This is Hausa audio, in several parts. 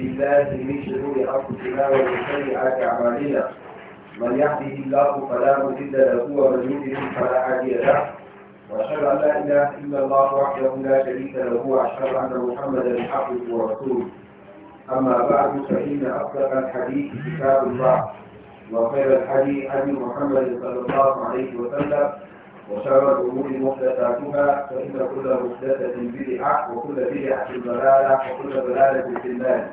بالله من شرور أنفسنا ومن سيئات أعمالنا من يهده الله فلا مضل له ومن يضلل فلا هادي له وأشهد أن لا إله إلا الله وحده لا شريك له وأشهد أن محمدا عبده ورسوله أما بعد فإن أصدق الحديث كتاب الله وخير الحديث عن محمد صلى الله عليه وسلم وشر الأمور محدثاتها فإن كل محدثة بدعة وكل بدعة ضلالة وكل ضلالة في النار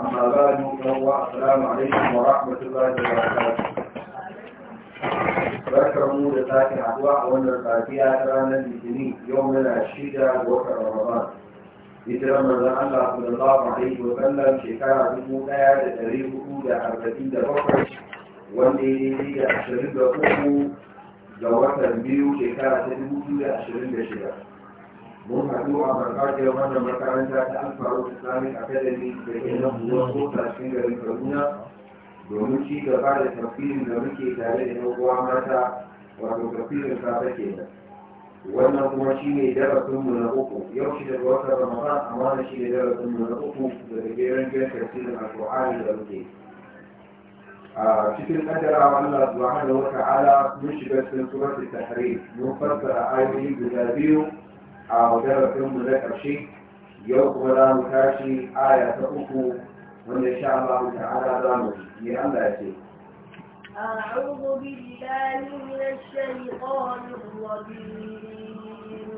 أما بعد فهو السلام عليكم ورحمة الله وبركاته barkarmu da sake haduwa a wannan safiya ta ranar litinin yau muna shida da watan ramadan hijiran manzon Allah sallallahu alaihi wa sallam shekara dubu ɗaya da ɗari hudu da arba'in da bakwai wanda ya daidai da ashirin da uku ga watan biyu shekara ta dubu biyu da ashirin da shida mun haɗu a barkar wannan makaranta ta alfaru islamic academy da ke nan buwa ko tashin garin kaduna domin ci gaba da tafsirin da muke tare da yan uwa mata wato tafsirin safe ke nan wannan kuma shi ne darasinmu na uku yau shi da wata ramadan amma shi ne darasinmu na uku daga geren geren tafsirin alkur'ani da muke cikin kaddarawa Allah subhanahu wa ta'ala mun shiga cikin suratul tahrim mun fassara ayoyi guda biyu a magarafin mu na ƙarshe yau kuma za mu tashi aya ta uku wanda sha Allah ta'ala za mu yi Allah ya ce أعوذ بالله من الشيطان الرجيم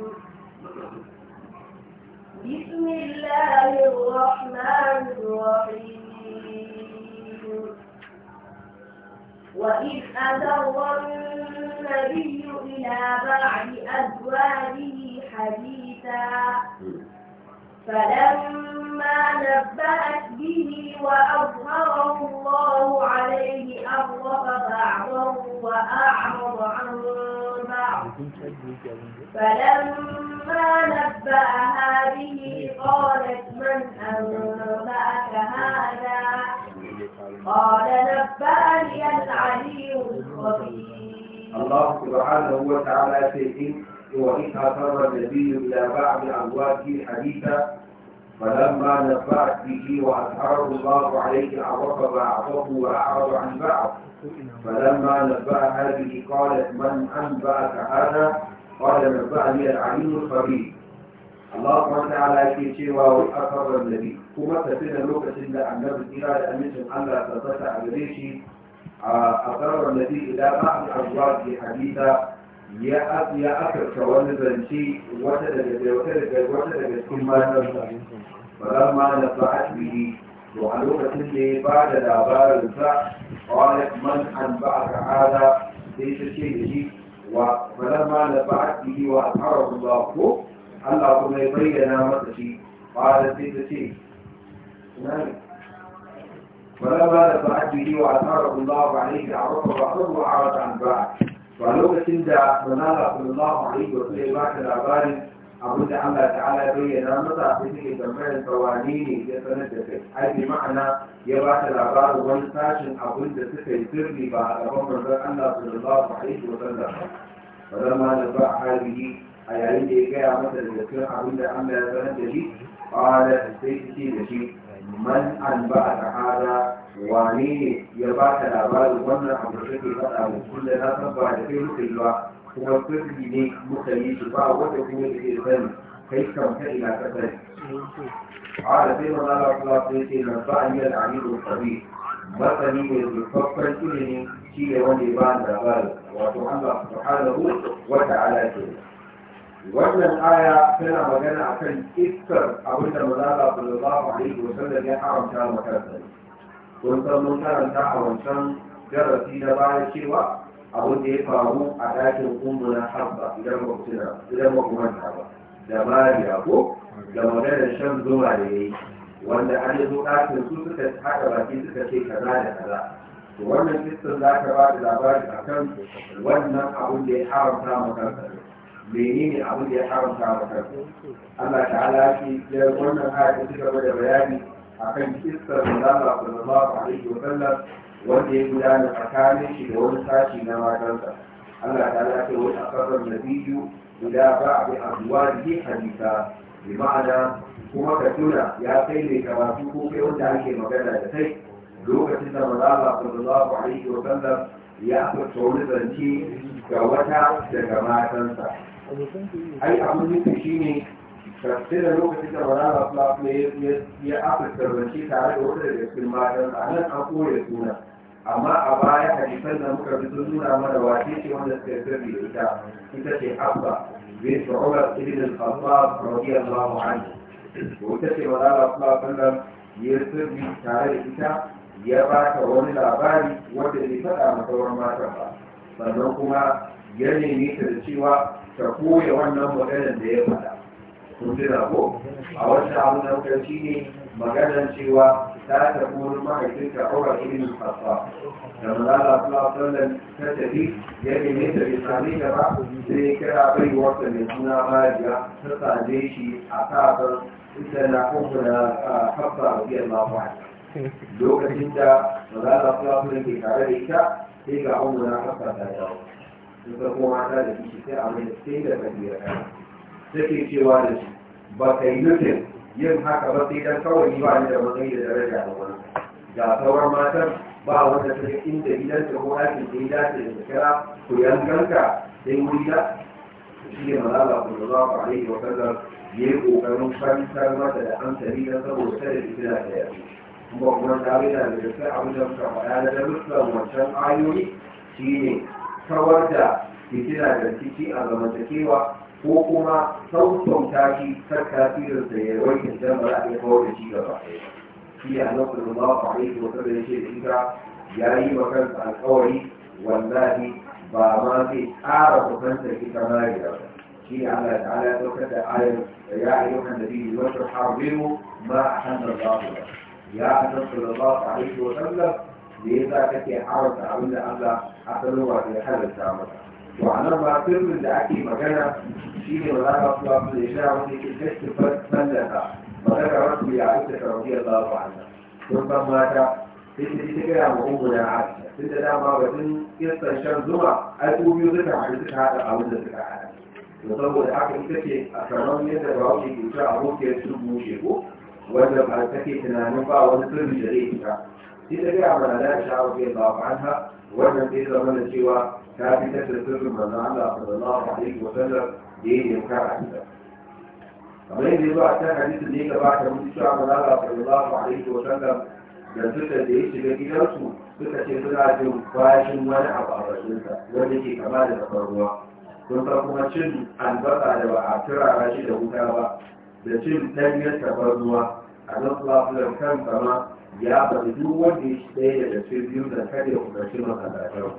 بسم الله الرحمن الرحيم وإذ أدر النبي إلى بعض أزواجه حديثا فلما نبأت به وأظهره الله عليه أغرب بعضه وأعرض عن بعض فلما نبأها به قالت من أنبأك هذا قال نبأني العلي الخبير الله سبحانه وتعالى سيدي وإن أفر النبي إلى بعض أمواته حديثا فلما نفعت به وأظهره الله عليه عرف بعضه وأعرض عن بعض فلما نبأها به قالت من أنبأك هذا؟ قال نبأني العليم الخبير الله تعالى في شيوا وأخر النبي كما تفيد لوكا سيدنا عن نبي إلى أن لا الله تبتع بريشي أخر النبي إلى بعض أزواجه حديثا ya afirka wani zance wata daga wata daga cikin matan ba ma na fa'at bihi to a lokacin da ya ba da labarin sa qala man an ba'aka hada sai ta ce da shi wa ma na fa'at bihi wa asarahu Allah ko Allah kuma ya bayyana masa shi qala sai ta ce فلما نفعت به وأثاره الله عليه عرفه وأخذه وعرض عن بعد to a lokacin da manala sallallahu alaihi wa sallam ba ka labarin abin da Allah ta'ala ya bayyana masa sai take tambayar sa wane ne ya sanar da kai ai bi ma'ana ya ba ta labarin wani sashin abin da suka yi sirri ba a gaban manzon Allah sallallahu alaihi wa sallam ba zan ma da ba halihi a yayin da ya gaya masa da cikin abin da Allah ya sanar da shi da sai ce da shi man an ba ta hada wane ya ba ta labarin wannan abu da ke faɗa mu kullum na san ba da kai muka yi ba kuma sirri ne muka yi shi ba wanda kuma da ke sani kai kan kai na ka sani ala sai maza la kula sai ce na ba ni da ami da sabi masani ne da fakkar ilimi shi ne wanda ya ba da labarin wato Allah subhanahu wa ta'ala ke wannan aya tana magana akan iskar abinda maza la sallallahu alaihi wa sallam ya haramta wa kansa kun san mun karanta a wancan darasi na baya cewa abin da ya faru a ɗakin ummuna habba idan ba idan ba kuma ta ba da mariya ko da maganar shan zuma da ya yi. wanda an yi zo ɗakin su suka haɗa baki suka ce kaza da kaza to wannan kistin za ka ba da labari a kan wannan abin da ya haramta ma kansa ne abin da ya haramta ma kansa Allah ta'ala shi ya wannan ayat ta gaba bayani akan kisar da Allah sallallahu alaihi wa sallar wanda ya gudana tsakanin shi da wani sashi na matansa Allah ta lafi wani na nabiju guda ba a bi azwajihi hadisa bi ma'ana kuma ka tuna ya kai ne karatu ko kai wanda ake magana da kai lokacin da maza Allah sallallahu alaihi wa sallar ya fita wani zance ga wata daga matansa ai abin shi shine sai da lokacin da marana flaf ne ya afirka zance tare da wata daga cikin matan a nan an koya suna amma a baya hadisan da muka fi sun nuna mana wace ce wanda suka yi sirri da ita ita ce abba bin shu'ubar ibn al-khattab radiyallahu anhu wata ce marana flaf nan ya sirri tare da ita ya ba ta wani labari wanda bai faɗa sauran matan ba sannan kuma ya nemi ta da cewa ka koya wannan maganar da ya faɗa sutura ko a wancan abu na wuta shi ne maganar cewa ta tafi wurin mahaifin ka aura ilimin fasa da mazala sula sallan ta tafi ya neme ta bai same ta ba sai kira baiwarsa mai suna mariya ta same shi a kasar ita na kuma da kafa biyar lafiya lokacin da mazala sula sallan ke tare da ita sai ga umar na kafa ta dawo. Sun kuma mata da kishi sai a mai sai da kabila take cewa da shi ba ka yi nufin yin haka ba sai dan kawai yi ba ni da matsayi da daraja da wani ga sauran matan ba wanda ta inda gidan ta ko aikin da ya dace da kira ku ganka sai wuri da shi ne malala ku zama ku alaihi wa sallam ya yi kokarin fahimtar mata da tari na saboda ta da tana da yaƙi kuma kuma ta bi da daga sai abin da muka faɗa ta rufe wancan ayoyi ne kawar da fitina da ciki a zamantakewa ko kuma sautauta shi kar tasirin da ya wanke idan ba za a iya kawar da shi gaba ɗaya shi a nan kuma ba a yi ko saboda shi da ita ya yi wa kansa alkawari wallahi ba ma zai ƙara kusantar ita mari da shi ne Allah ta'ala ya saukar da ayar ya ayyukan da biyu wasu harbiru ma a hannun zafi ba ya annan sallallahu alaihi wa sallam da ya sa kake haramta abin da Allah a sanarwa da ya halatta masa ma'anar ba sirrin da ake magana shi ne ba za ka suwa su da shara wanda ke kashe ta ba za ka rasu ya aiki da rauni ya zaɓa ba don ban mata sai ta ji ta gaya ma ungu na aisha tun da dama ba batun kirsan shan zuma ai ko biyu suka haɗu suka haɗa abin da suka haɗa to saboda haka ita ce a kamar yadda ba wuce ke cewa abokiyar su bushe ko wanda ba ta ke tunanin ba wani sirri da zai fita shi ta gaya da shi abu ya ba anha wannan bai zama da cewa ta fi ta sirrin manzon Allah sallallahu alaihi wa sallam da ya yi kar a cikin kamar yadda zuwa ta hadisin ne gaba ta mutu cewa manzon Allah sallallahu alaihi wa sallam da suka da ya shiga gidansu suka ce suna jin bashin wani abu a bakinsa wanda ke kama da kafar ruwa kun san kuma cin albasa da ba a turara shi da wuta ba da cin ɗanyar kafar ruwa a nan fulafulon kan sama ya faɗi duk wanda ya shi ɗaya daga cikin biyu da kada ya kudarci masallatar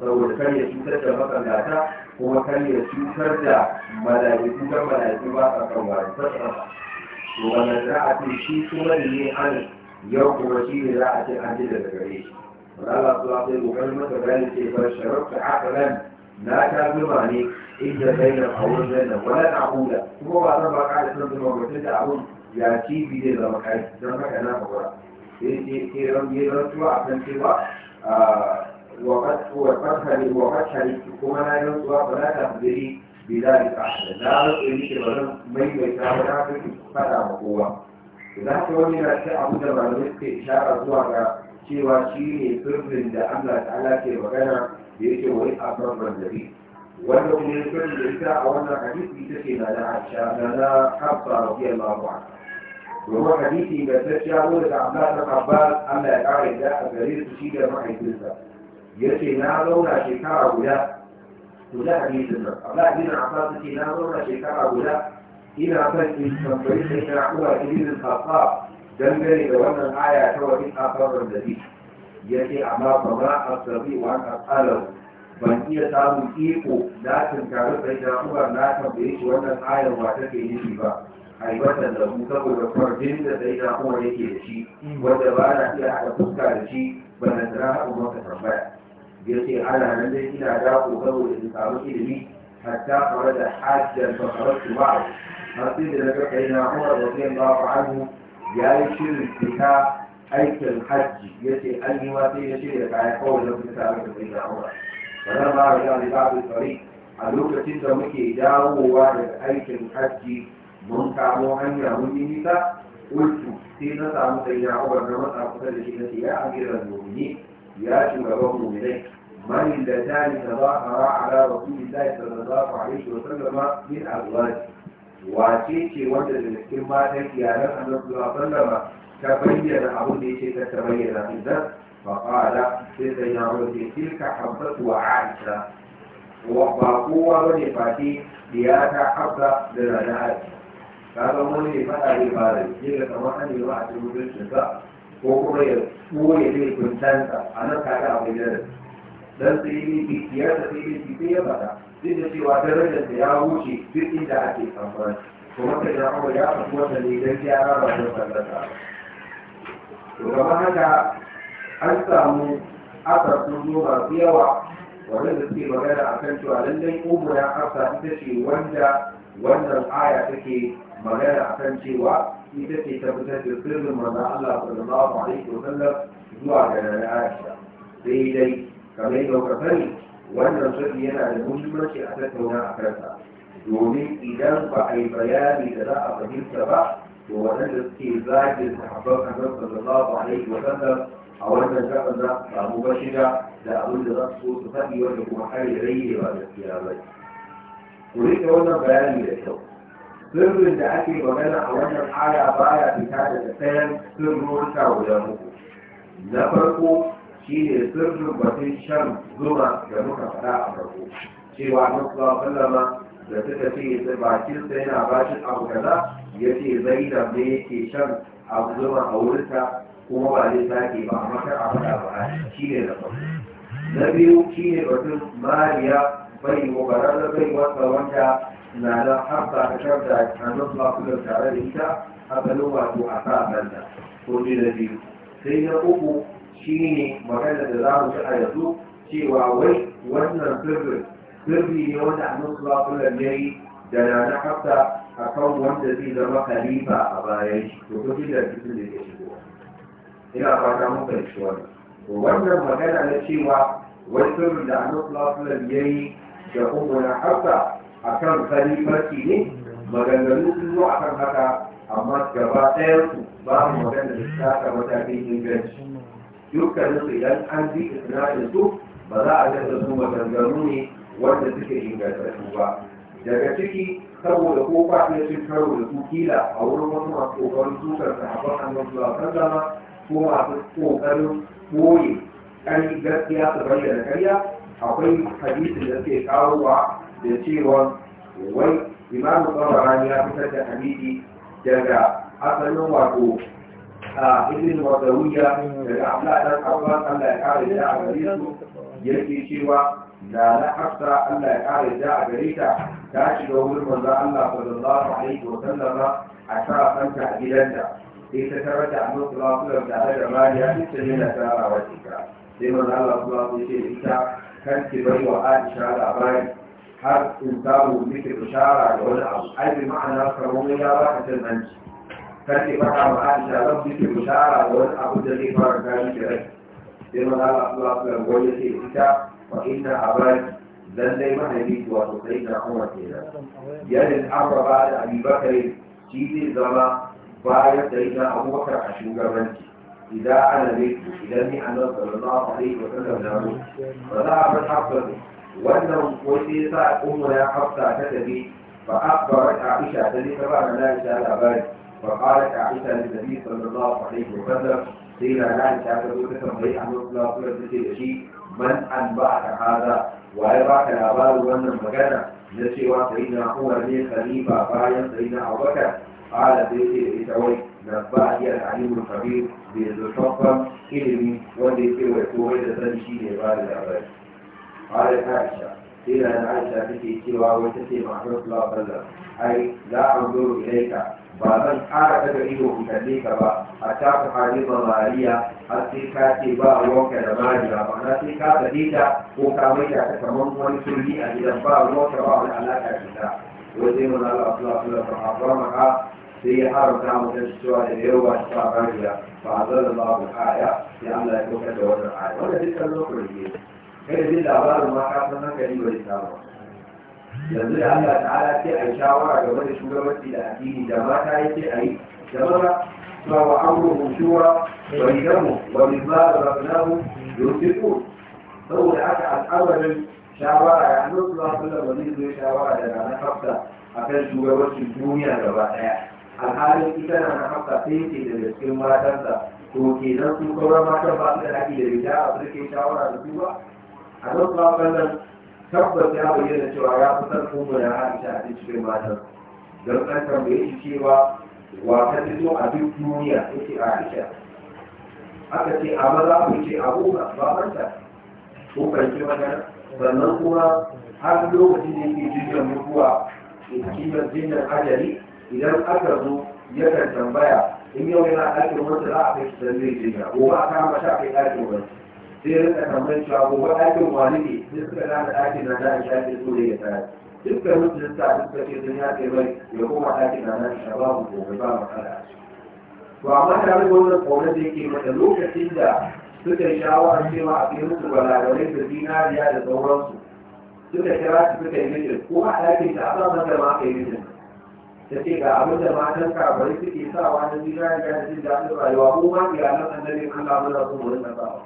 saboda kar ya cutar da masallata kuma kar ya cutar da mala'iku kan mala'iku ba a kan wani sassa to wannan za a ce shi kuma da ne an yau kuma shi ne za a ce an ji daga gare shi Allah su a sai kokarin masa gani ce bar sharafta akalan na ta zuba ne inda bayyana a wurin zanna wala na hula kuma ba zan ba ka da san zuba mutum da abun ya cibi zai zama kai don haka na hakura ya zantuwa a kan cewa وقد شهدت كما لا ينصر فلا تخبري بذلك أحدا لا نصر لك ولم من يتعامل في فلا مقوة ذاك wani na ce abu da malamai suke ishara zuwa ga cewa shi ne sirrin da Allah ta'ala ke magana da yake wani abin manzari wanda kuma ya sirrin da ita a wannan hadisi ita na da Aisha na na Hafsa radiyallahu domin hadisi da ta ya zo da Abdullah bin Abbas Allah ya kare da a gare su shi da mahaifinsa ce na zauna shekara guda guda hadisin nan Abdullah bin Abbas ce na zauna shekara guda ina son in tambayi sai na uwa ibn Khattab dangane da wannan aya ta wani afarar Ya ce amma ba ma asabi wa asalau ban iya samun iko na tunkari sai na uwa na tambayi shi wannan ayar wa take nufi ba a yi wannan da su saboda kwarfin da zai da kuma yake da shi wanda ba na iya haɗa fuska da shi ba na tsira haɗu maka tambaya ya ce ana nan dai ina dako saboda in samu ilimi hatta kawar da hajjar fakarar su ba har sai da na ga kai na kuma da zai ba ku hannu ya yi shirin fita aikin hajji ya ce an yi wata ya shirya kayan kawai na fita da zai na kuma wannan ba ga da ba a lokacin da muke dawowa daga aikin hajji mun kamo hanya mun yi nisa ultu sai na samu sai ya ubar na masa kusa da shi na ce ya amiran mu'mini ya shugaban mu'minai من اللتان تظاهرا على رسول الله صلى الله عليه وسلم من Wace ce wanda da cikin matan iyalan annabi sallama ta bayyana abin da ya yake ta bayyana idan ba qala sai da ya wuce tilka habbatu wa aisha ba kowa ba ne fati ya ta habba da rana aisha kaga wani ya faɗa ya ba da ke da kamar an yi ba a cikin mutuncinsa ko kuma ya koya zai kuntansa a nan kaga abu ya da dan sai yi biki ya ta sai yi sai ya faɗa duk da cewa darajar da ya wuce duk inda ake kamfani kuma sai da abu ya faɗi wata ne don gyara ba don sallata to kamar haka an samu aka sun zo masu yawa waɗanda suke magana a kan cewa lallai ƙuburan hafsa ita ce wanda wannan aya take magana kan cewa ita ce ta fitar da sirrin manzon Allah sallallahu alaihi wasallam zuwa ga nana Aisha sai dai kamar yadda kuka sani wannan sirri yana da muhimmanci a tattauna a kansa domin idan ba a yi bayani da za a fahimta ba to wannan da suke zagin sahabban annabi sallallahu alaihi wasallam a wannan gaban za su samu bashiga da abin da za su so su faɗi wanda kuma har ya rage ba gaskiya ba ku rike wannan bayani da kyau sirrin da ake magana a wannan aya baya fita daga sayan sirrin sa guda uku na farko shine sirrin batun shan zuma da muka faɗa a farko cewa musulman sallama da suka ce bakinsa yana bashin abu kaza ya ce zainab ne yake shan abu zuma a wurinta kuma ba zai sake ba a makar a faɗa ba shi ne na farko na biyu shi ne batun mariya bai wa bararar bai wasa wanda لا حتى تشرع أن نطلع كل الكعبة حتى لو أتاء بلدة كل الذي sai na uku shine magana da za mu ji a yanzu cewa wai wannan sirrin sirri ne wanda annabi sallallahu alaihi yayi da na na hafta akan wanda zai zama khalifa a bayan shi to kun ji da cikin da yake shigo ina fata mun fahimci wannan wannan magana na cewa wai sirrin da annabi sallallahu alaihi yayi da ummu na hafta a kan kalimarci ne maganganu sun zo a kan haka amma gaba ɗayan su ba mu magana da ta ta matakin inganci dukkanin su idan an ji isnadin su ba za a gasa su maganganu ne wanda suke ingantattu ba daga ciki saboda ko faɗin sun karo da su kila a wurin wasu masu ƙoƙarin tukar sahabban su a kan zama ko masu ƙoƙarin koyi ƙarfi gaskiya su bayyana karya akwai hadisin da suke kawowa تيران وإمام الطبراني أبو سيد الحميدي جاء أصل نوعه آه، إذن وضوية جاء أبلاء الأفضل أن لا يقال جاء بريسه يكي شوى لا لحفظ أن لا يقال جاء بريسه تاشد أول من ذا الله صلى الله عليه وسلم عشرة خمسة جلدة إذا ترجع نصلا صلى الله عليه وسلم يكي سنة سارة وشكرا لمن الله صلى الله عليه وسلم كانت بريوهات شهادة أبراهيم حرف انتاب وذكر مشارع العلع أي بمعنى الكرومية راحة المنج فأنت فقط مع أنت لم ذكر مشارع العلع أبدا في فرق ذلك لما قال أخلاق الأولية في الكتاب وإن أبد ذنبي ما هديك وتطعين أمر كيلا يد الأمر بعد أبي بكر تيدي الزمى بايد دينا أبو بكر عشوك منك إذا أنا ذكر إذا أنا صلى الله عليه وسلم نعم فذهب الحق wannan ko sai sa ummu na hafsa ta tafi fa akbarat aisha ta ji ta ba na aisha labari fa qalat aisha lin nabi sallallahu alaihi wa sallam sai na aisha ta zo ta tambayi annabi sallallahu alaihi wa sallam da shi man an ba ka hada waye ba ka labarin wannan magana na cewa sai na umar ne khalifa bayan sai na abubakar قال بيتي يتوي نبا هي العليم الخبير بيتوفى كلمي ودي في ويتوي ده تنشي لغاية الأبد قالت عائشة قيل أن عائشة تكي سوى وتكي محمود صلى الله عليه أي لا أنظر إليك بعضاً حارة تدعيه مكليك با أتاك حديث ضرارية أتيكا تبا ووكا دماجنا فأنا تيكا تديتا وكاميتا تكمم ونسلي أجل با ووكا با وعلاكا تتا وزيمنا الله صلى الله عليه وسلم فحرمها في حرم تعمل تشتوى اليوم أشتاء رجلة فعزل الله بالآية لأن لا يكون كده وجه الآية ولا تلك النقر الجيد kada jin labarin ma ka san hankali bai samu yanzu da Allah ta'ala ce a shawara game da shugabanci da addini da mata yake a yi da maza ma wa amruhum shura wa idamu wa mimma razaqnahu yunfiqun saboda haka al'amarin shawara ya annabi sallallahu alaihi wasallam wani zai shawara da ranar hafsa akan shugabancin duniya gaba daya alhalin ita na hafsa sai ke da cikin matansa to kenan su kawar matan ba su da haƙi da rija a suke shawara da su ba a nan kuma wannan tabbas ya bayyana cewa ya fi sarfin mu da aisha a cikin matan don an tambaye shi cewa wa ta fito a duk duniya yake aisha aka ce a maza ku ce abu ba babanta ko fahimci magana sannan kuma har lokacin da yake jirgin mutuwa da kimar jinnan ajali idan aka zo yakan tambaya in yau yana ɗakin wata za a kai su zai jirgin ko ba a kama shi a kai ɗakin wata sai rinka tambayar cewa gobe ɗakin wani ne sai suka gane ɗakin na da shafi so da ya tsaya dukkan mutum sa duk da ke sun yaƙe mai ya koma ɗakin na da shafi babu gobe ba matsala to amma tare da wannan ƙaunar da yake mata lokacin da suka yi shawarar cewa a kai musu gwalagwarai da zinariya da sauransu suka kira su suka yi mijin ko a ɗakin ta asa mata ma aka yi mijin ta ce ga abin da matan kabarai suke sawa na zinariya da jin daɗin rayuwa ko ma iyalan annabin Allah muna so mu rinka sawa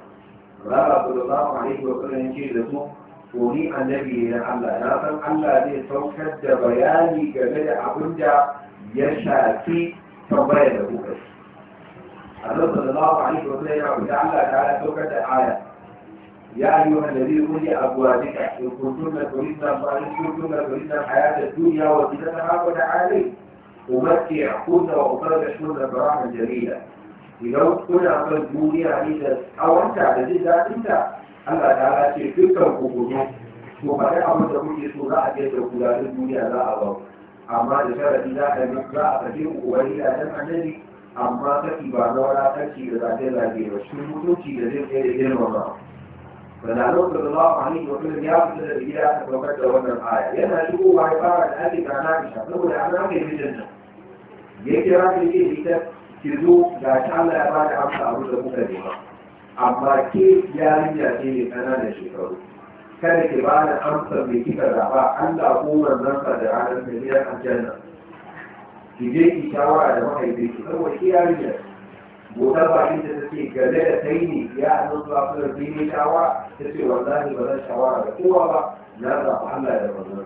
rara sallallahu alaihi wa sallam ce da su to ni annabi ne na Allah na san Allah zai saukar da bayani game da abin da ya shafi tambayar da kuka shi Allah sallallahu alaihi wa sallam ya fita Allah ta ya saukar da aya يا أيها الذين قل لأزواجك إن كنتن تريدن إن كنتن تريدن الحياة الدنيا وزينتها فتعالي أمتعكن وأفرجكن فراحا جميلا idan kuna son duniya ne da tsawonta da jin daɗinta Allah ta ala ce dukkan ku ku to faɗi abin da kuke so za a je da kudaden duniya za a ba amma da sharadi za a za a faɗi ku wani a dan annabi amma kafi ba na wadatarci da zaɓe zaɓe ba shi mutunci da zai kai da girmama Bana nan da zama a hannun mutum ya fita da gida a saukar da wannan aya yana shigowa ya fara da ake kana da saboda an rage mijin nan ya kira ke ce ita ki zo ga ta Allah ya bada amsa abin da kuka nema amma ke yarinya ce ne ƙananan shekaru kada ki ba da amsar mai kika zaɓa Allah ko manzon sa da ranar da biyar aljanna ki je ki shawara da mahaifi ki saboda ki yarinya gobe ba shi da take gare da kai ne ya annan zuwa kuma bi ne shawara ta ce wallahi ba zan shawara da kowa ba na zaɓa Allah da manzon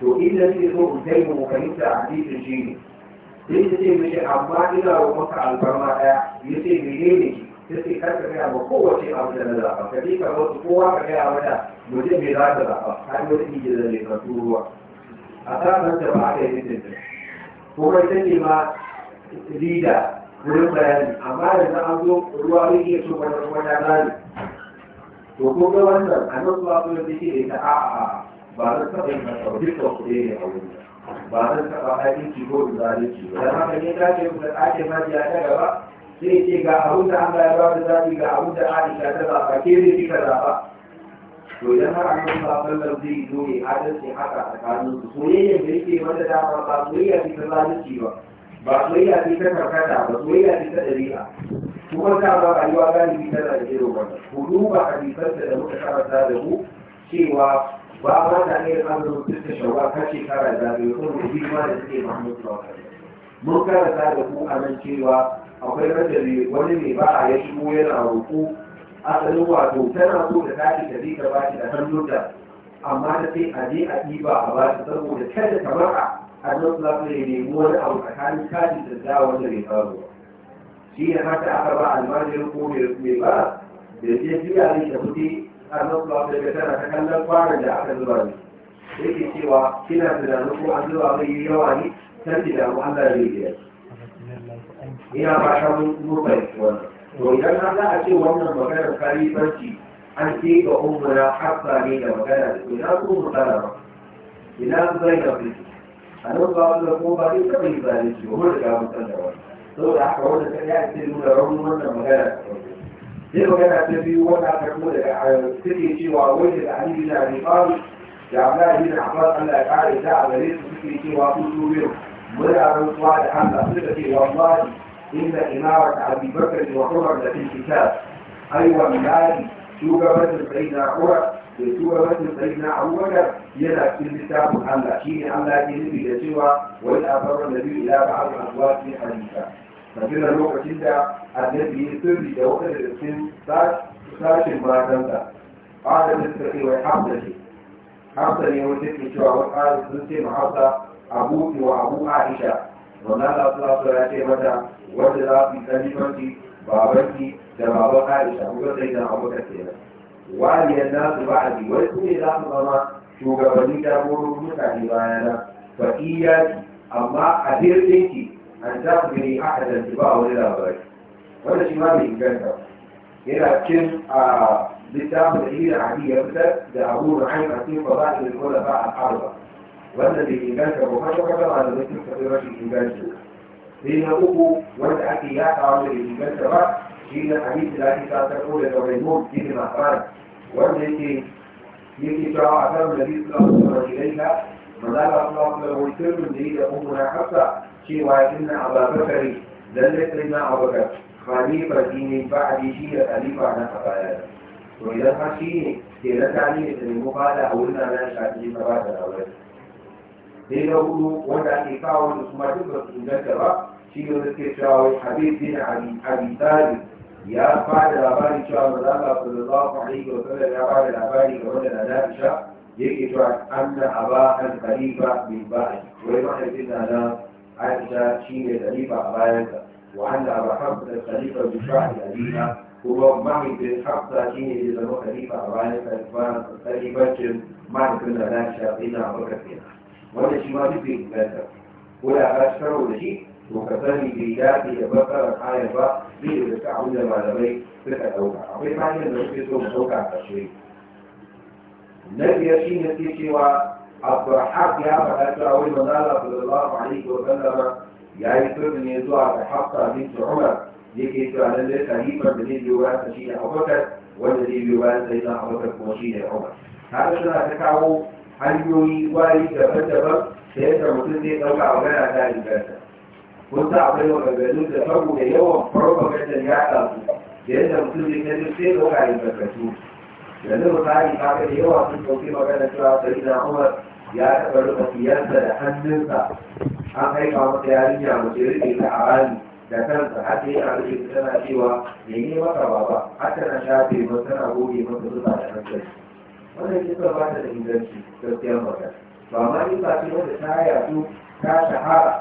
to inda ke so in kai mu fahimta a hadisin shi ne sai ta ce mishi amma ina roƙonka alfarma ɗaya ya ce mene ne ta ce kar ka gaya ma kowace abu da na zaɓa ka je ka wasu kowa ka kai gaya mata mutum mai za ka zaɓa har wata ije da ne ka turuwa a sa'an da ba aka yi mutum da kuma ita ce ma rida wurin bayani amma da na an zo ruwa ne iya so wani wata gani to ko ga wannan a nan ba kuma da ke da ita a'a ba za ta yin masa dukkan kuɗi ne a wurin ba zan taɓa haɗinci ko zalunci ba don haka ne za ka yi kuka ake majiya ta gaba sai ce ga abin da Allah ya ba da zaɓi ga abin da Aisha ta zaɓa ke zai fi ka zaɓa to idan har an yi sabon zai zo ne adalci haka a tsakanin su soyayyar da yake wanda dama ba soyayya ce ta zalunci ba ba soyayya ce ta karkata ba soyayya ce ta ɗabi'a kuma ta ba rayuwa galibi tana da irin wannan ku duba hadisansa da muka karanta da mu cewa ba a wanda an yi kan zuwa duk da shawar ta shekara da zaɓe ko da shi ma da suke mahimmanci ba mun karanta da ku a nan cewa akwai rajali wani ne ba a ya shigo yana roƙo asalin wato tana so da tashi da zai gaba shi da hannunta amma ta sai a je a ɗiba a ba shi saboda kada ta maka a nan su zafi ne nemi wani abu tsakanin kashi da za wanda bai faru shi ya haka aka ba almajirin ko mai ba da je biya ne ta fite annan ba da tana ta kallon kwanan da aka zuba ne yake cewa kina tunanin ko an zuba mai yi yawa ne san ki damu Allah zai biya ina fata mun mun fahimci wannan to idan an za a ce wannan maganar kalifanci an ce ga umura hafsa ne da magana da ina so mu tsara ba ina su zai da fiki a nan ba wanda ko ba zai taɓa yi zalunci ba mun riga mun san da wannan saboda haka wanda ta yi a ce nuna raunin wannan magana da farko sai magana ta biyu wanda aka kuma da suke cewa wai da alibi na alifaru da abdullahi bin abbas allah ya kare ta a gare su suke cewa su su biyu muna rantsuwa da allah suka ce wallahi inda imara ta abi bakar wa umar da bin kitab ai wallahi shugabancin sai na umar da shugabancin sai na abubakar yana cikin littafin allah shine allah ke nufi da cewa wani abarar da biyu ila ba'ar alwaki hadisa madina lokacin da annabi ya sirri da wata daga cikin sashin matansa ƙwada da suka kai wai hamsa ce hamsa ne wata ke cewa wani ƙwada sun ce ma hamsa abu wa abu aisha wannan za su ya ce mata wanda za su yi kalifanci babanki da baban aisha kuma sai da abubakar kenan waliyar nasu ba'adi wai su ne za su zama shugabanni jagororin mutane bayana fa iya amma a hirɗinki أن تقبلي أحد الكبار إلى غيره ولا شيء ما بيتكلم إلى كم آه، بالتعب الهيئة العادية مثل دعوه عين عسيم فضائل الخلفاء الحربة بيتكلم وما شو كتب على يكن كثيرا في بيتكلم لأن أبو والأكي لا تعمل الإمكانك بعد شيء الحديث الذي تقول تغيبون في الأخران والتي يجي شرع أثر النبي صلى الله عليه وسلم إليها مدار الله صلى الله عليه وسلم جيدة أمنا حتى cewa inna ababakari lalle sai na abubakar khalifa ne ba a shi da kalifa na a baya to idan har shi ne ke na tani da nemi fada a wurin na shafi ta ba da rawar sai na hudu wanda ake kawo da kuma duk da su inganta ba shi ne wanda ke cewa habib bin abi talib ya fada labarin cewa maza ba su da za ku alaihi wa sallam ya fada labari ga wanda na na'isha yake cewa anna aba al khalifa min ba'i wai mahaifin na na عائشة شيء الأليفة أبايانتا وعند أبا حفظ الخليفة بشعر الأليفة هو معي في بالحفصة شيء لزنو خليفة أبايانتا إخوانا خليفة معي كنا لا شاطينا وكثيرا وأن شيء ما بيبي إباتا ولا أشكر ولشي شيء وكفاني بيداتي يبقر الحاية بيه بتاعه لما لبي أوقع وفي أقول معي أنه يسوم أوكا عشرين النبي يشين التيشي الضحاك يا فتاة أول من قال صلى الله عليه وسلم يعني كل يدعى حتى بنت عمر لكي تعلن خليفة الذي بيوان سيدنا أبو بكر والذي بيوان سيدنا أبو بكر وسيدنا عمر هذا شنا تكاو hanyoyi wari daban-daban da yadda mutum zai ɗauka a gana ta rigarsa. Kun sa akwai maganganu da saboda yawan farfagandar ya ɗazu da yadda mutum zai kaji sai ɗauka rigarsa su. yanzu misali kaga da yawa sun ɗauki magana cewa sai na umar ya taɓa rufe siyarsa da hannunsa an aika masa yarinya mace rike ta a rami da kansa har sai yana rufe ta tana cewa me ne maka baba har tana shafe masa tana goge masa zuba da hankali wannan kisa ba ta da inganci gaskiyar magana ba ma kisa ce wanda ta yasu ta shahara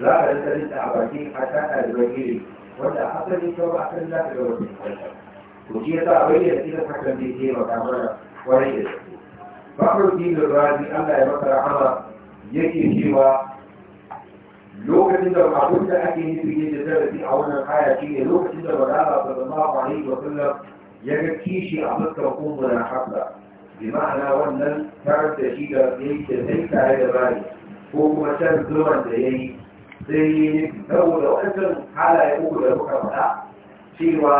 za ka rinka rinka a bakin a ta ɗaliban iri wanda asalin kyau a kan za ka ga wata وشي يسا أبي يسير حكا بيكي وكامرا وليس فخر الدين الرازي ألا يبقى رحمة يكي شيوا lokacin da abin da ake nufi ne da zarafi a wannan aya shi ne lokacin da wadala sallallahu alaihi wa sallam ya ga kishi a fuskar kumburin hafsa bi ma'ana wannan tarar da shi da yayi da sai tare da bari ko kuma can zuwan da yayi sai yi nufi saboda wancan halaye uku da muka faɗa cewa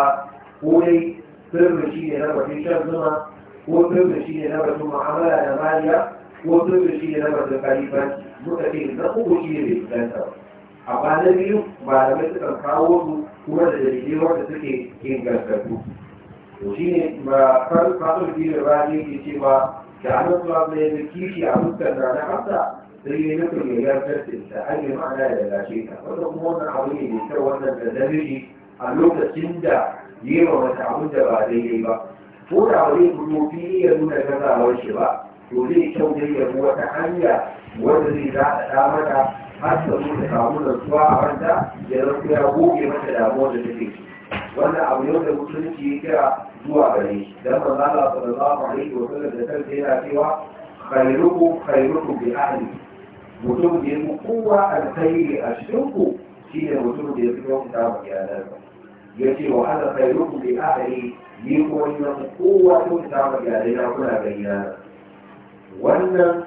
ko dai sirri shi ne na batun shan zuma ko sirri shi ne na batun mu'amala da mariya ko sirri shi ne na batun kalifanci muka ce na uku shi ne bai ganta A na biyu malamai sukan kawo su kuma da dalilai wanda suke ingantattu to shi ne ma fasar biyu da rani ke ce ba, da anan zuwa mai da kishi a fuskar na na hafsa sai ya nufin ya yi da ita an yi ma'ana da lashe ta wanda kuma wannan abu ne mai kyau wannan da namiji a lokacin da yi wa wata abun da ba daidai ba ko da ba zai fili ya nuna gazawar shi ba to zai kyau dai ya bi wata hanya wanda zai za a ɗa mata har ta zo ta samu rantsuwa a wanda ya rantsu ya goge mata damuwar da take ciki wannan abu yau da mutunci ya kira zuwa gare shi a manzo da sallallahu a wa sallam da kansa yana cewa khairukum khairukum bi ahli mutum da ya kowa alkhairi a cikin ku shine mutum da ya fi yawan ta ba. يجي وهذا خيركم لأهلي ليكون قوة تعمل علينا هنا بيننا wannan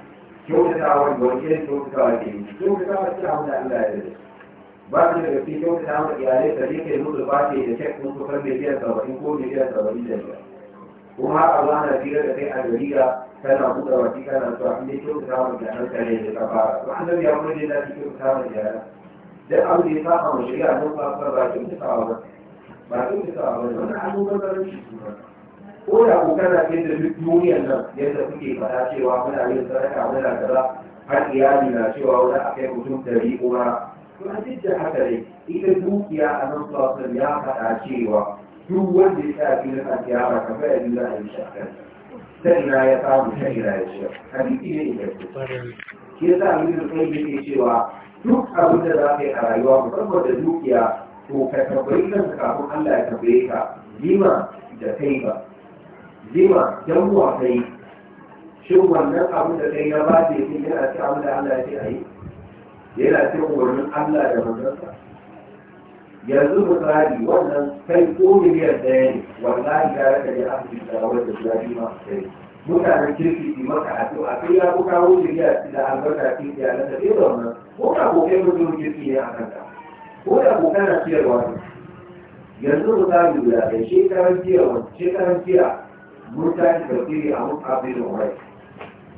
kyautatawa da wani irin kyautatawa ke yi kyautatawa ce abin da Allah ya yi ba su daga cikin kyautatawa da iyalai da ne ke musu ba ke da cek musu kan miliyan saba'in ko miliyan saba'in da biyar kuma har Allah na fira da kai a jarida kana buɗe baki kana so a inda kyautatawa da iyalan ka ne da ka fara to an zabi ya kuma ne na cikin kyautatawa da iyalan dan abin da ya saba mu shari'a don ba ba kyautatawa ba ba sun fi sawa ba wannan almubazzaranci ko da ku kana yadda duk duniyan nan yadda kuke faɗa cewa muna yin sadaka muna kaza har iyali na cewa wani a kai mutum dari kuma kuma duk da haka ne ita dukiya a nan sulasun ya faɗa cewa duk wanda ya sa filin a tiyara kamar yadda za a yi shakar ta ina ya samu ta ina ya ce hadisi ne ita ce shi ya sa mu yi da kai yake cewa duk abin da za ka yi a rayuwa musamman da dukiya to ka tambayi kan kafin Allah ya tambaye ka lima da kai ba lima dan wa kai shin wannan abin da kai ya ba ce shi yana ci abin da Allah ya ce a yi yana ci umarnin Allah da manzansa yanzu misali wannan kai ko miliyan ɗaya ne wallahi ya raka ne a cikin rawar da ya ma kai mutanen kirki ne maka a A sai ya ku kawo miliyan da albarka cikin iyalan da ɗaya wannan ko ka ko kai mutum kirki ne a kanta. ko da abokan na siyarwa ne yanzu mu ta yi guda ɗaya shekaran jiya shekaran mun tashi tafsiri a mun abin da wai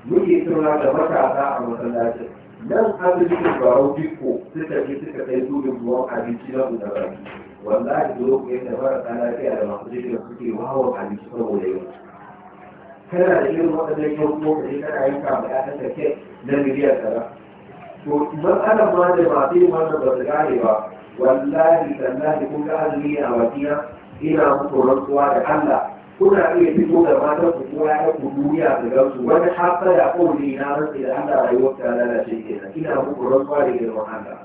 muke tura da matasa a masallacin nan abin da barau dikko suka je suka kai dubin ruwan abinci na guda baki wallahi da lokacin da marasa lafiya da masu jikin suke wawan abinci saboda yau kana da irin waɗannan yau kuma kaje kana yanka ma ya ta na miliyan tara to matsalar ma da ba zai wanda ba su gane ba wallahi tallahi kun ga azumi a madina ina muku rantsuwa da Allah kuna iya fito da matan ku ko ya ku duniya da gansu wani hafara ko ne na rantsi da Allah rayuwar ta lalace kenan ina muku rantsuwa da girman Allah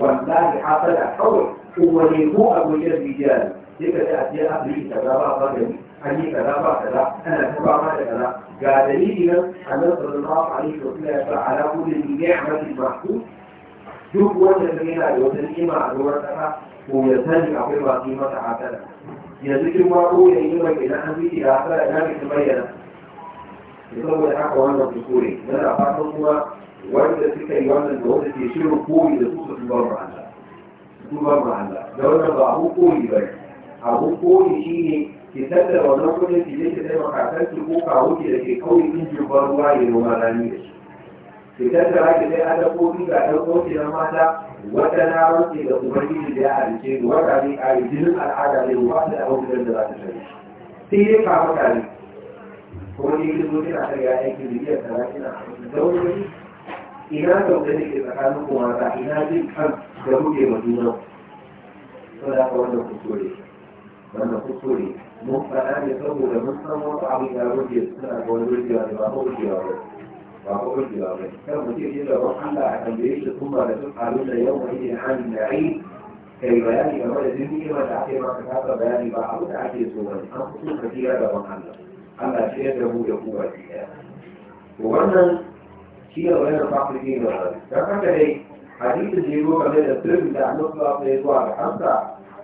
wallahi hafara kawai ko wani ko abu ya bijiya sai ka ce a ce a bi ta ba ba ba da ni hali kaza ba kaza ana taba ma da kaza ga dalili nan annabi sallallahu alaihi wa sallam ya fa ala kulli ni'matin mahsus duk wanda zai yana da wata ni'ima a ruwan kasa ko ya sani akwai masu yi masa hasada yanzu kin ma ko ya yi mai idan an zuci da hasada na mai ta bayyana saboda haka wannan kuskure yana fatan kuma wanda suka yi wannan da wanda ke shirin koyi da su su duba ma Allah duba ma Allah da wannan ba abu koyi ba abu koyi shine ki tattara wannan kudin ki je ki taimaka kan ki ko kawo ki da ke kauye injin ban ruwa ya noma rani da shi ki tattara ki dai adabobi ga ɗan koki na mata wata na rantse da ubangiji da ya halice ni wata ne a jinin al'ada ne ba da abubuwan da za ta sani sai dai ka maka ne kuma ni kin zo kina ta ga aikin da biyar tara kina zaune ina sauke da ke tsakanin ku mata ina jin kan da muke ma juna. Sada ka wannan kuskure, wannan kuskure mu bayani saboda mun san wasu abin da rufe suna ga wani rufe ne ba ko rufe ba ba ko rufe ba kan mutum ya da wani Allah a tambaye shi kuma da duk abin da yau mai yin hannun da ai kai bayani game da duk ni'ima da aka yi maka kasa bayani ba abu da ake so ba an fi so ka kira da wani Allah Allah shi ya da mu da kuma shi ɗaya wannan shi ne wani fakulki ne ba don haka dai hadisin da ya zo game da sirrin da annabi ba ya zuwa da kansa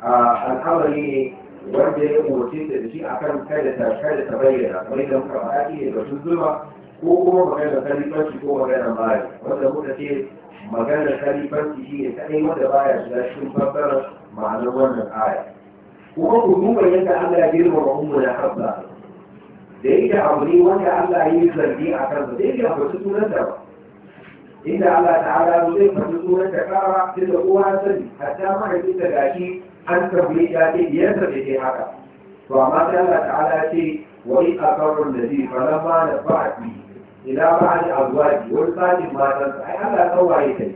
al'amari ne wanda ya umarce ta da shi a kan kada ta kada ta bayyana kamar yadda muka faɗa ke batun zulma ko kuma maganar kalifanci ko maganar baya wanda muka ce maganar kalifanci shi ne kaɗai wanda baya shiga cikin fassarar ma'anar wannan aya kuma ku duba yadda Allah ya girmama ummu na habba da yake abu ne wanda Allah ya yi zargi a kansa da yake abu sunan da ba inda Allah ta'ala zai faɗi sunan ta kara duk da kowa sani hatta mahaifinta gashi an tabbai ya ce diyarsa da ke haka to amma sai Allah ta'ala ce wa in akarrun da zai falamma na ba'adi ila ba'adi azwaji wani sashin matansa ai Allah tsawaye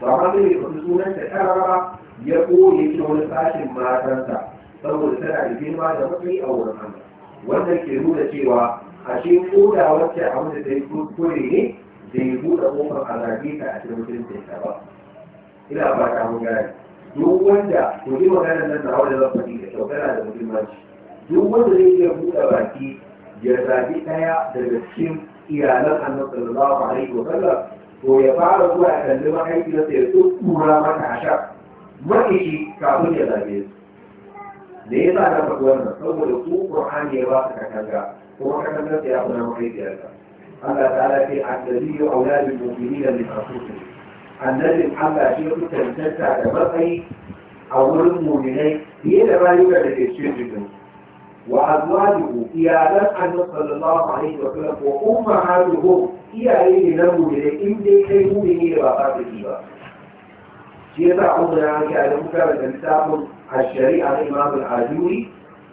ta amma ba ma zai sunan ta karara ya ya ce wani sashin sa saboda tana da girma da matsayi a wurin Allah wannan ke nuna cewa a ce koda wacce abin da ta yi kuskure ne zai buɗe ƙofar a ta a cikin ta ba ina ba ta mun gane duk wanda ku yi magana nan na wanda da faɗi da kyau tana da muhimmanci duk wanda zai iya buɗe baki ya zaɓi ɗaya daga cikin iyalan annabi sallallahu alaihi wa sallam to ya fara zuwa ya kalli mahaifiyarsa ya tsukkura mata a sha makishi kafin ya zaɓe su me yasa na faɗi wannan saboda ku qur'ani ya ba su katanga kuma katangar ya fi na mahaifiyarsa Allah ta'ala ce annabi ya auladi mu'minina min anfusihim annabin Allah shi ku tantanta da matsayi a wurin muminai fiye da rayuwar da ke cikin jikin wa azwajuhu iyalan annabi sallallahu alaihi wa sallam wa ummahatuhu iyaye ne na muminai in dai kai mumini da ba ka tafi ba shi yasa an da yake a da muka da littafin ash-shari'a na Imam al-Ajuri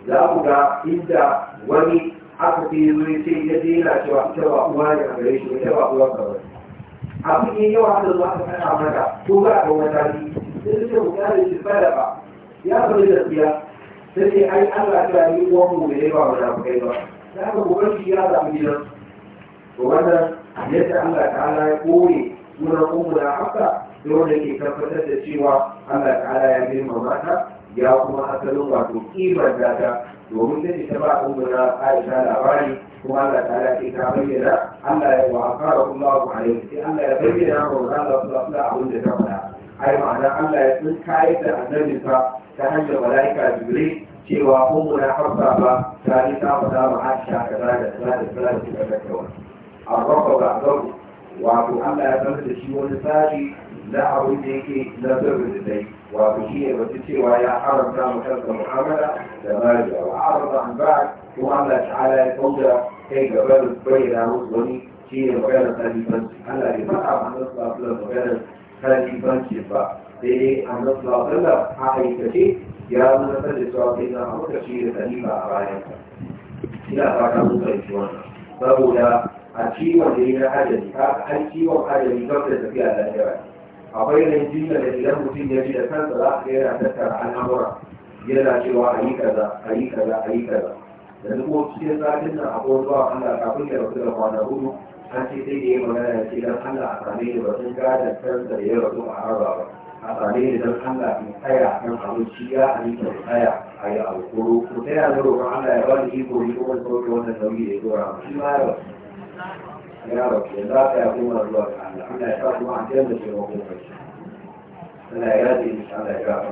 za ku ga inda wani aka fi zuwa sai ya dena cewa ita ba uwa ne a gare shi ita ba uwa ka bane abin yin yawa da zuwa ta kana mata, ko ba ga wata ne sai suka bukata shi bada ba ya fara gaskiya sai ce ai Allah ta yi uwan mu da yawa ba za ku kai ba za ka kokar shi ya zaɓi gidan to wannan yadda Allah ta'ala ya kore sunan ummu da haka da wanda ke tabbatar da cewa Allah ta'ala ya girmama ta ya kuma asalin wato kimar data domin da ita ba a umuna aisha labari kuma Allah ta ala ta bayyana Allah ya wa akara Allahu alaihi sai Allah ya bayyana wa Allah sallallahu alaihi abin da ta faɗa ai ma'ana Allah ya tsin kayar da annabi ta hanyar malaika jibril cewa umuna hafsa ba ta yi ta faɗa ma aisha kaza da kula da kaza da suka tattauna a rafa ba wato Allah ya sanar da shi wani tsari na abin da yake na sirrin da dai wato shi ne wata cewa ya haramta mu kansa mu'amala da mariya wa haramta an ba kuma Allah ta'ala ya kauda kai gaba da bayyana musu wani shi ne maganar talibanci Allah ya faɗa ma Allah sallallahu alaihi maganar talibanci ba sai dai Allah sallallahu alaihi a aikace ya nuna da cewa sai na amurka shi ne taliba a bayan sa ina fata mun fahimci wannan saboda a ciwon da ya na hajjali har ciwon hajjali kawai da tafiya lafiya akwai rinjina da idan mutum ya ji da kansa za ka yana tattara al'amura yana cewa a yi kaza a yi kaza a yi kaza duk ko cikin zafin nan akwai zuwa Allah kafin ya rasu da kwana hudu an ce sai da ya magana ya ce don Allah a same ni ba sun gada kansa da ya rasu a harba ba a same ni don Allah in tsaya kan abinci ya a yi ka tsaya a yi alkuru ku tsaya na roƙon Allah ya ba da iko ne ko wani sauke wannan nauyi da ya dora shi ma ya rasu يا رب لا تعطينا الله عنا احنا يحرم عن جنة الوقوف أنا يادي مش على إجابة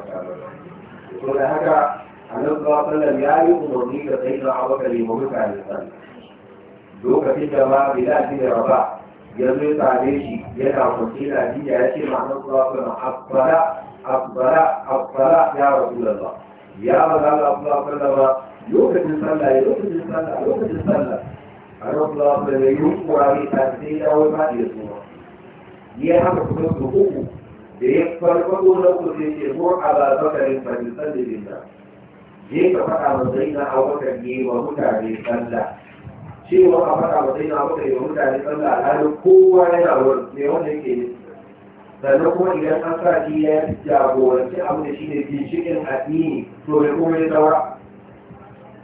يقول هكا عن الله صلى الله عليه وسلم سيد عبك لموقع الإنسان دوك في الجماعة بلا سيد رباع يزوي تعليشي يدع فرسيلة دي يأتي مع الله صلى الله الصلاة الصلاة يا رسول الله يا رسول الله صلى الله عليه وسلم يوكد الصلاة يوكد الصلاة يوكد الصلاة anotro de Belén por habitar o el matismo. Y es algo que nos preocupa. De esto al cuando uno puede llevar a la toca de Pakistán de Linda. Je ka faɗa wa zaina a wata ne wa mutane sallah. Cewa a faɗa wa zaina a wata ne wa mutane sallah alhalin kowa yana ne wanda kuma idan an sa shi ya jagoranci abu da shi ne binciken addini to bai kuma ya saura.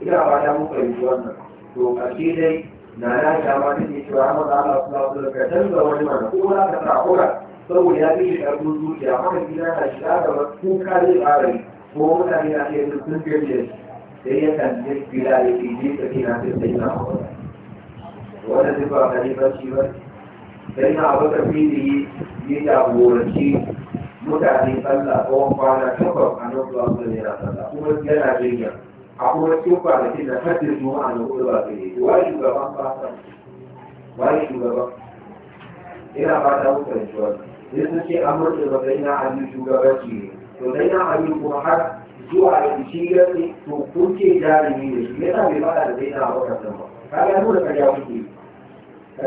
Ina ba ta mun fahimci wannan. To ƙarshe dai na ya shama ta ke cewa amma za a kula su daga canza wani mana ko za ka takura saboda ya fi karfin zuciya haka gida na shiga gaba ko ka zai ko mutane na iya yin sun fiye da sai ya kan je gida ya ke je ta ke na fi sai na hawa wanda zai ba ka ne ba shi ba sai na abu ka fi da yi ya jagoranci mutane sallah tsawon kwana takwas a nan zuwa su da yana sallah kuma yana jinya akwai wasu kwanakin da haddin juma'a na hudu ba zai yi wai shugaban fasa wai shugaban ina fata mun fahimci wani sai sun ce an murɗe ba ina na ali shugabanci ne to zai na ali kuma har zuwa da shi gani to kun ce jarumi ne shi yana bai fada da zai na abokan nan ba kaga mu da karya kuke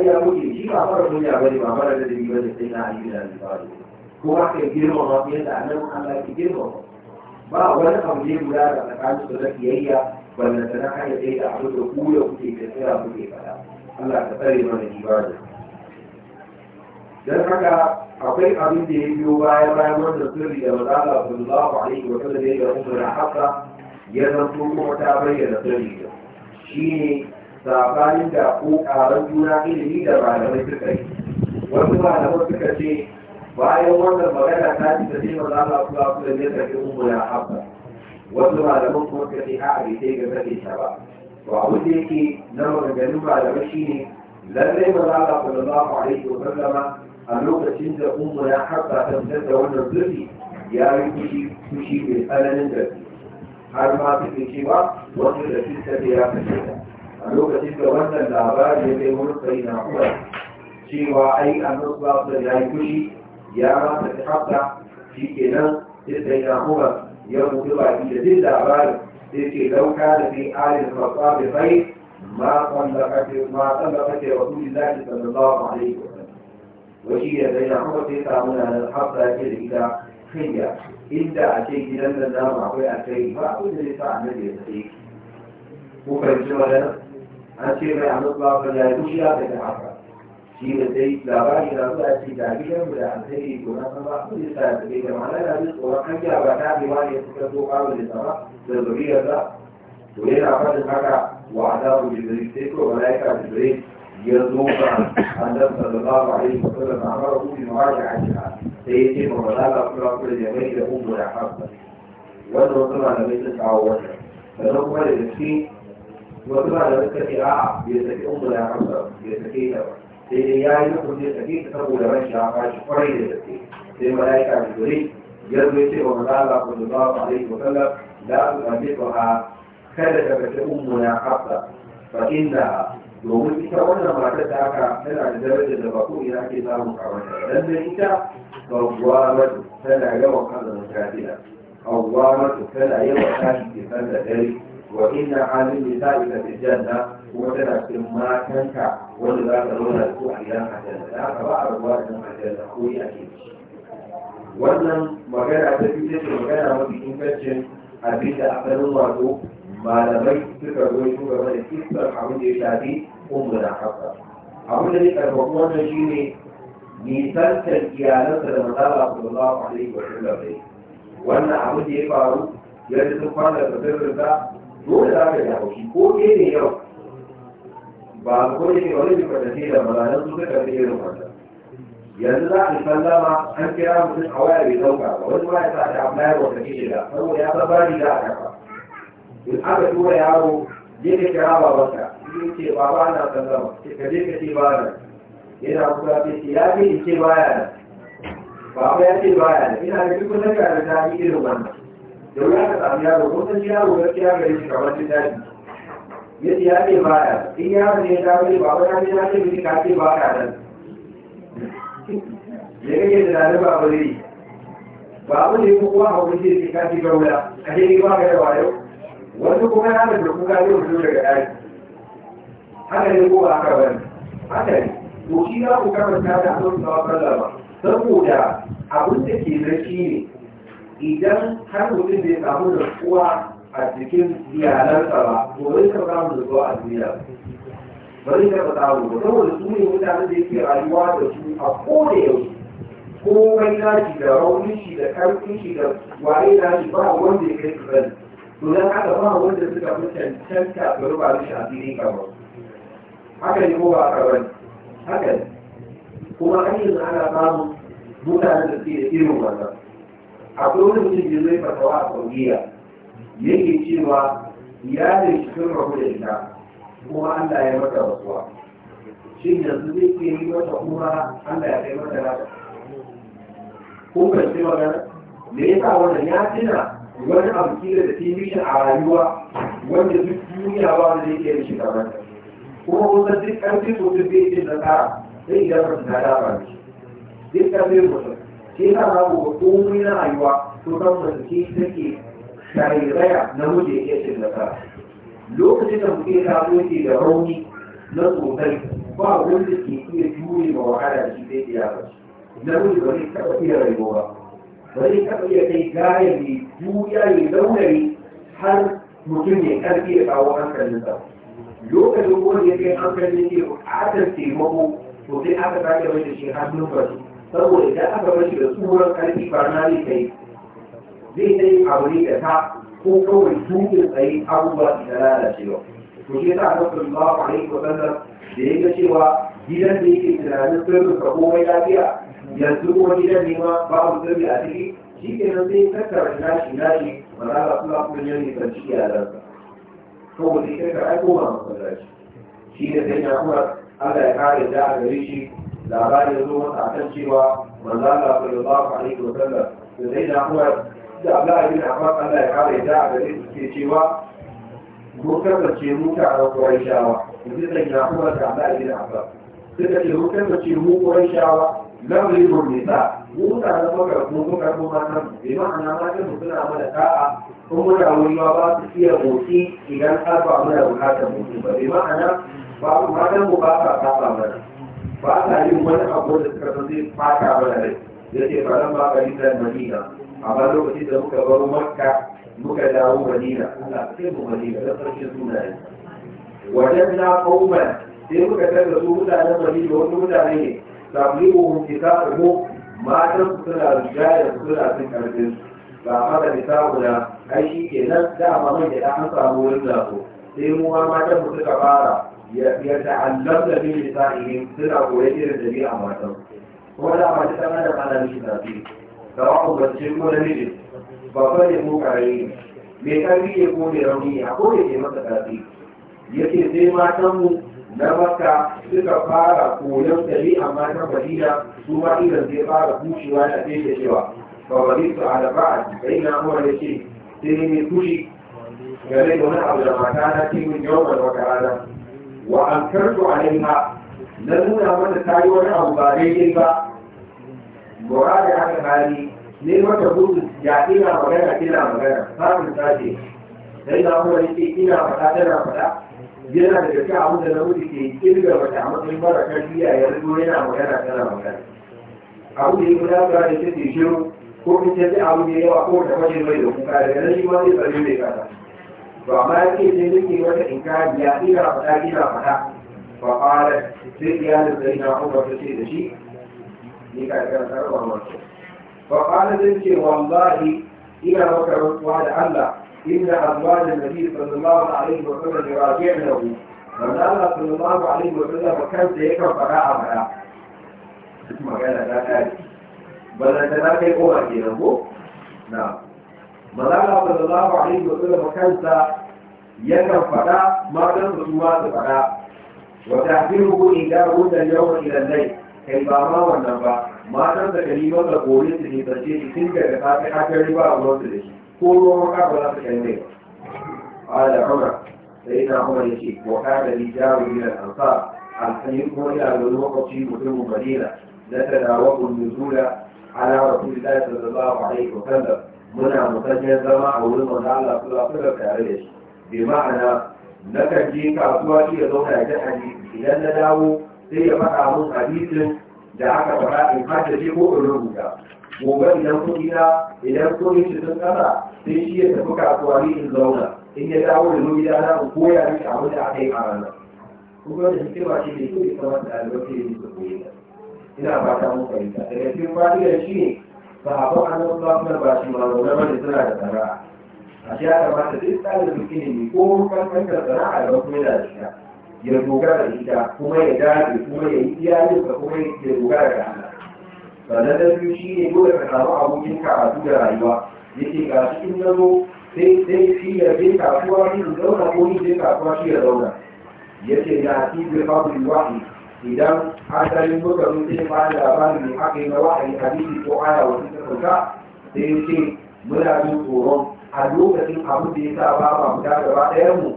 ya kuke shi ba fara kunya ba ne ba fara da dabi bane sai na ali da alifari kuma ka girmama fiye da annabi Allah ki girmama ba wani abu ne guda da tsakanin su na biyayya wanda sana hanyar dai da abu da ku da kuke da tsira kuke fada Allah ka tsare mana ibada dan haka akwai abin da ya biyo baya bayan wannan sirri da mazala sallallahu alaihi wa sallam ya yi umar haka ya zanto kuma ta bayyana sirri da shine sabanin da ko karan juna ilimi da malamai suka yi wasu malamai suka ce bayan wannan magana ta ci da sai maza Allah kula kula ne ta ne take ummu ya habba wasu malaman kuma suka ce a'a bai kai ga sake ta ba to abin da yake na maganganun malamai shine lallai maza Allah sallallahu alaihi wa zama, a lokacin da ummu ya habba ta fitar da wannan zurfi ya yi kushi fushi mai tsananin gaske har ma su suke cewa wasu da fitar da ya fice ta a lokacin da wannan labarin ya kai wurin kai na cewa ai a nan da ya yi kushi. ya masa ta hafta shi ke nan sai sai na ya mutu baki da jin labarin sai ke lauka da fi alin fasa da bai ma tsallaka ce wa tuli zaki sallallahu alaihi wa sallam washi ya sai ya umar sai samu na nan hafta ke da ita hanya, inda a ce gidan nan namu akwai a kai ba abin da zai sa annabi ya tsaye ku fahimci magana an ce mai annabi ba ya yi kushiya da ta hafta shi da dai labari na zuwa ce da gidan da alheri gona sama su ne sa da dai da ma'ana na jin tsoron hanya ba ta rewa ne suka zo kawo da sama da zuriyarsa to yana fadin haka wa adabu jibril sai ko malaika jibril ya zo ga annabi sallallahu alaihi wasallam amara ku bi muraja'a sai ya ce ma malaika kula kula da mai da ummu da hafsa wanda wasu malamai sun kawo wannan sannan kuma da gaske wasu malamai suka ce a'a bai saki ummu da hafsa bai sake ta ba sai ya yi hukunci da kake saboda rashin haka shi kwarai da gaske sai mala'ika da gari ya zo ce wa maza Allah ku zuwa wa alaihi wa sallam la su kaje ko ha kada ka kace ummu na hafsa fa inda domin ita wannan matar da aka tana da darajar da ba ko ina ake samun kawanta dan dai ita kawwamatu tana yawan azumin kafira kawwamatu tana yawan tashi ke sallar dare wa inna halin nisa'i ta janna kuma tana cikin matanka wanda za ka zauna su a gidan aljanna da aka ba a rabuwa da aljanna ko ya ke wannan magana ta biyu ce magana mafi ingancin abin da asalin wato malamai suka ruwaito game da kisar abin da ya shafi kuma da hafsa abin da ne karfafa wannan shine nisantar iyalansa da mazala a alaihi wa sallam ne wannan abin da ya faru yadda sun fara da sirrinsa dole za ka yi haushi ko ne yau ba ko ne ke wani jikar da ke da malalan su suka fi irin wannan yanzu za a sallama an kira mutum a waya bai dauka ba wani ma ya sa ta ambayar wata ke shiga saboda ya san bari za a kafa in aka tura yaro je ka kira babanka in ce baba na sallama ka je ka ce ba na yana kuka ce ya ce in ce baya na baba ya ce baya na ina da duk wani kare ta irin wannan yau wuya ka samu yaro ko san yaro gaskiya gare shi kamar jin daɗi ya ya ce baya in ya ne ya dawo ne ba wani ya ce miki ka ce ba nan da kake da dare ba ba zai ba abu ne ko kuma hauri ce ce ka ce gaura a ke ni ba ka da yau? wasu kuma ya da kuka ne wasu daga dari haka ne ko ba haka bane haka ne to shi za ku karanta da hannun tsawon sallah ba saboda abin da ke na ne idan har mutum bai samu da kowa a cikin iyalansa ba to bai taɓa samun zuwa a duniya ba zai taɓa samu ba saboda su ne mutanen da yake rayuwa da su a koda yaushe komai nashi da raunin shi da karfin shi da waye nashi ba wanda ya kai su sani to dan haka ba wanda suka fi cancanta su rufa mishi a fili kamar haka ne ko ba haka bane haka ne kuma an yanzu ana samun mutanen da suke da irin wannan akwai wani mutum da zai fatawa a saudiya yake cewa ya ne cikin rahu da ita kuma Allah ya mata rasuwa shi yanzu zai ke yi mata kuma Allah ya kai mata rasuwa kun fahimci magana me yasa wannan ya tuna wani abu kila da tilishin a rayuwa wanda duk duniya ba wanda zai iya shi kamar kuma kusan duk ko duk zai ce nasara zai iya da ta dama shi duk ƙarfin ko shi ke za na ga komai na rayuwa to kan mutum ke take na rigaya na wuce ya ce nasara lokacin da mutum ya taso yake da rauni na tsotsai ba wanda ke iya jure ma wahala shi zai iya ba na wuce ba zai taɓa iya rayuwa ba zai taɓa iya kai gaya mai juya ya zaunare har mutum ya ƙarfi ya kawo hankalinsa lokacin wanda ya kai hankalin ke buƙatar taimako to sai aka sake mai da shi hannun basu saboda idan aka bashi da tsoron ƙarfi ba na zai kai zai ta yi abu ne da ta ko kawai dukin tsaye abubuwa da lalacewa to shi ta aka sun ba a rai wasannan da ya ga cewa gidan da yake tunanin sirrin ka komai lafiya yanzu kuma gidan ne ma babu sirri a ciki shi ke nan sai tattara nashi nashi ba za ka kula kun yi kuma ciki a yaransa saboda ita ka aiko ma masallaci shi ne sai na kuma Allah ya kare da a gare shi labarin zo masa a kan cewa manzo Allah sallallahu alaihi wasallam da sai na kuma da Allah bin Abbas Allah ya kare da a gare su ke cewa mun karbace mu taron Qurayshawa yanzu da ya kuma da Allah ya bin Abbas da ce da ce mu Qurayshawa lam yurun nisa mu mutanen maka mu mun karbo matan bi ma'ana matan mu suna mana ta'a kuma da wani ba su iya motsi idan har ba mu da bukatar motsi ba ma ana ba mu matan mu ba sa ba mana ba sa yin wani abu da suka zai fata ba da rai yace faran ba ka yi da madina amma lokacin da muka baro makka muka dawo madina Allah sai mu madina da sarkin sunaye wajen na kauman sai muka tarda su mutanen madina wani mutane ne samuhu kitabu matan suna rigaya suna cin karfin ba haka kitabu na ai shi ke nan da dama mai da an samu wurin zaɓo sai mu ma matan mu suka fara ya ta'allam da bin lisa'ihim suna koyi irin dabi'a matan kuma da mace tana da ana mishi zaɓe da wakon bacci ko namiji babban ne ko ƙarami mai karfi ne ko mai rauni a ko ne masa ƙarfi yake sai matanmu na maka suka fara koyon tsari amma ta madina su ma idan zai fara bushewa da feshe cewa ba bari su alaba a cikin na mura da ce sai ne kushi game da wani abu da mata na mun cikin wani wata rana wa an karto a nan na nuna mata ta yi wani abu ba daidai ba gora da haka hali ne mata gudu ya ina magana ina magana samun sace sai da kuma yake ina fata tana fata. yana da gaske abu da na wuce ke kirga mata a matsayin mara tarbiyya ya rigo yana magana tana magana abu da ya guda gara da take shiru ko in ce abu da yawa ko da wajen mai da kuka daga nan shi ma zai tsari mai kasa to amma ce sai nake wata in ka ya ina fata ina fata fa fara sai iyalin sai na kuma ta ce da shi ni ka karantar wa mutum fa qala zai ce wallahi ina maka rantsuwa da Allah inna azwajin nabi sallallahu alaihi wa sallam raji'nahu wanda Allah sallallahu alaihi wa sallam kansa yake fara a bara magana da kai balanta na kai kowa kenan ko na'am manala sallallahu alaihi wa sallam kansa yakan faɗa matan su ma su faɗa wa tahdiruhu ila kai ba ma wannan ba matan da kani maka gobe su ne bace shi sun daga safe har ba a ruwan su da shi ko ruwan maka ba za su kai mai ala umar sai na umar ya ce wa kada ni jawo da al-ansar kuma ina da lokaci mutumin madina na tadawakun nuzula ala rasulillahi sallallahu alaihi wa sallam muna musanyar zama a wurin wanda Allah tare da shi bi ma'ana na kan je kasuwa zauna ya idan na dawo sai ya faɗa mun hadisin da aka faɗa in haddace ko in rubuta gobe idan kuɗi na idan kuɗin shi sun kasa sai shi ya tafi kasuwa ni in zauna in ya dawo da zo da na in koya miki abin da aka yi a ranar kuma da hikima shi ne kuɗi kamar da albarki ne su koyi ina fata mun fahimta daga cikin fa'idar shi ne sahabban annabi sallallahu alaihi wasallam ba shi malamai bane suna da sana'a a shi ya kamata duk tsarin ilimi ko kan kan sana'a da kuma da shi ya dogara da ita kuma ya dace kuma ya yi iyayen ka kuma ya dogara da Allah sannan da biyu shi ne dole ka samu abokin karatu da rayuwa Ya ce ga shi in nazo sai sai shi ya je kasuwa shi ya zauna ko ni je kasuwa shi ya zauna yace na fi bi fadl wahi idan asalin muka mun sai ba labarin mai haka yi na wahayi hadisi ko aya wani ta sauka sai ce muna jin tsoron a lokacin abin da ya sa ba ma mu gaba ɗayan mu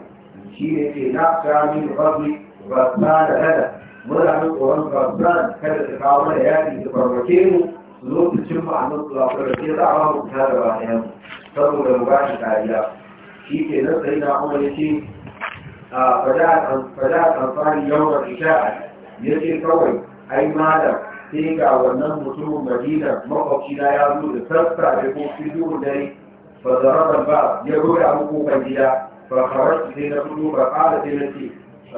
shi ne ke na kami da babu rasa da kada muna nan tsoron kada ta kawo mana yaƙi da farmake mu su zo su cin ma a nan su zafi za a ba mu ta da bayan saboda mu ba shi kariya shi ke nan sai na kuma ya ce fada amfani yawon isha'a ya ce kawai ai malam sai ga wannan mutumin madina makwabci na ya zo da sassa da ko fi dare ba zarabar ba ya roya muku kan gida فخرجت بين كتب فقالت التي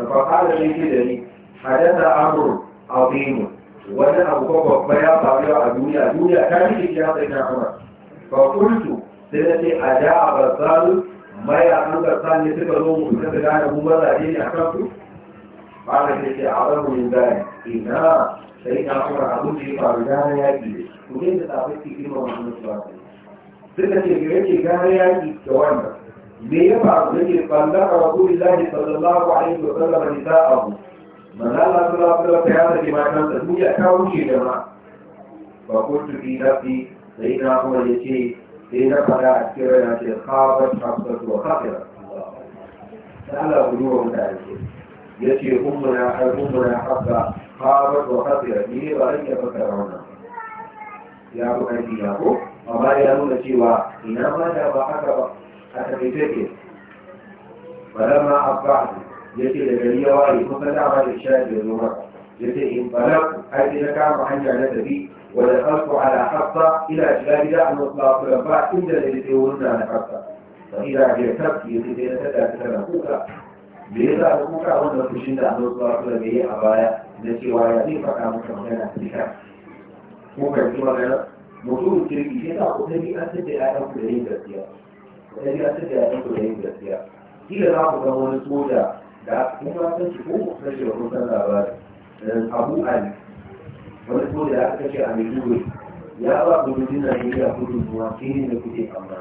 فقال لي كدني حدث أمر عظيم وأنا أبو بكر بيا طبيعة الدنيا الدنيا كان في كتاب ابن عمر فقلت سنتي أجاء غزال ما يعلم غزال يتبع لهم وكتب لنا أبو ماذا أجيني أحكمته قال سنتي أعظم من ذلك إنها سيدنا عمر أبو جي فارجان يأتي وكيف تعطيك كلمة محمد صلى الله عليه وسلم سنتي غيرتي كان يأتي كوانا me ya faru da ke kalla a rasulullahi sallallahu alaihi wa sallam nisa'ahu manzo Allah sallallahu alaihi wa sallam ya saki matansa duk ya kawo shi da ma ba kuntu fi nafsi sai na kuma ya ce sai na fada a cikin rana ce khabar hafsatu wa khafira da Allah ku duba mutane ya ce ummuna ai ummuna hafsa khabar wa khafira ni ba ran ya fara wannan ya ku aiki ya ko amma ya nuna cewa ina ma da ba haka ba أتبتكي فلما أصبحت جيتي لجلية وعي ففتع بعد الشاهد للمرأة يتي انطلقت حيث لك محنجة نتبي ودخلت على حصة إلى جلال دعم إطلاق الأنفاع إلا لجيتي يقولون عن حفصة فإذا جئتك يتي لنتبع تتنفوك بيضا أبوك أولا تشند عن إطلاق الأبيه أبايا نتي وعياتي فقامت مكانا بك ممكن كما غير موضوع التركي كده أقول لي أنت تأكل لين تسيار da ya ta da yanku da yin gaskiya kila za ku ga wani soja da aka kuma san shi ko ku kashe wa kun san labari abu ali wani soja da aka kashe a maiduguri ya ba gudun najeriya gudun ruwa shi ne da kuke amma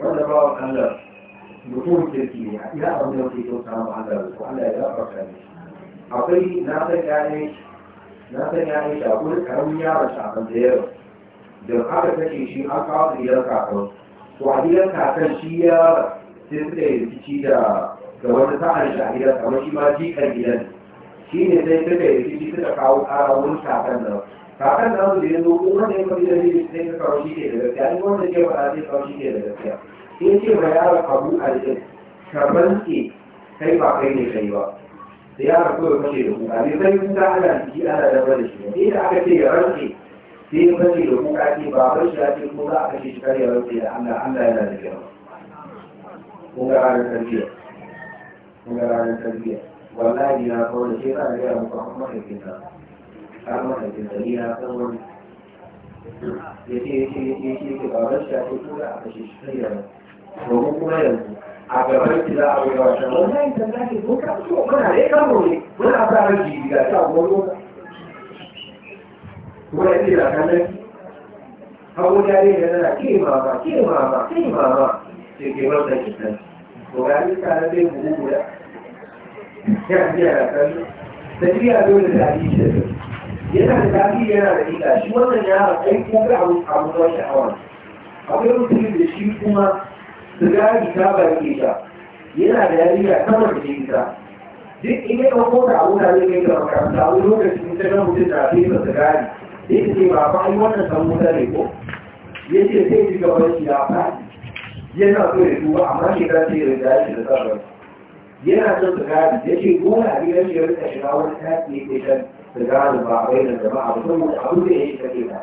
wanda ba wa allah mutum kirki ne a ina abin da kuke kyauta ma allah da ku allah ya gafarta ne akwai na san yayin na san yayin shi akwai karamin yaron shi a kan da aka kashe shi an kawo su gidan kakansu to kakan shi ya sai suka yi rikici da da wani sa'an shi a gidan kamar shi ma jikan gidan shi ne sai suka yi rikici suka kawo ƙara wurin kakan nan kakan nan da ya zo kuma ne kuma gidan ne sai ka kawo shi ke da gaskiya in wanda ke faɗa sai kawo shi ke da gaskiya in ce ma yaro abu a jikin karɓar ke kai ba kai ne kai ba da yaro kawai kashe da kuka ne sai kun ta ana jiki ana dabar da shi ne da aka ce ya rantse sai ya bace da kuka ake ba bar shi ake ko za a kashe shi kare rauke da Allah Allah yana da kyau kun ga ranar tarbiyya kun ga ranar tarbiyya wallahi na kawo da shi za a gaya muku an mahaifin ka an mahaifin ka ni na san wani ya ce ya ce ya ce ya ce ke ba bar shi ake ko za a kashe shi kare rauke domin kuma yanzu a gaban ki za a bai wa shan wallahi kan zaki ko ka so kana dai kan mu ne muna sa ran jibi ga ta gobe wani ne da kanan hagu jari da nana ke mama ke mama ke mama ce ke wanda kitan to ga ni kana bai buhu ya ji da kan dole da yi shi yana da tafi yana da ila shi wannan ya kai ko ga abu abu da sha'awa akwai mutum da shi kuma sigari ta barke ta yana da yariya sama da ita duk in ya ɗauko da abu kai ga makaranta wani lokacin sai na mutum da bai ba yake ce ba ba yi wannan san wuta ne ko ya ce sai ji gaban shi ya faɗi yana so ya duba amma shi ta ce rinda shi da sabon yana son su gadi ya ce gona a gidan shi ya rika shiga wani taki ya ke shan su gadi ba a bayyana jama'a ba saboda abin da ya yi kake ba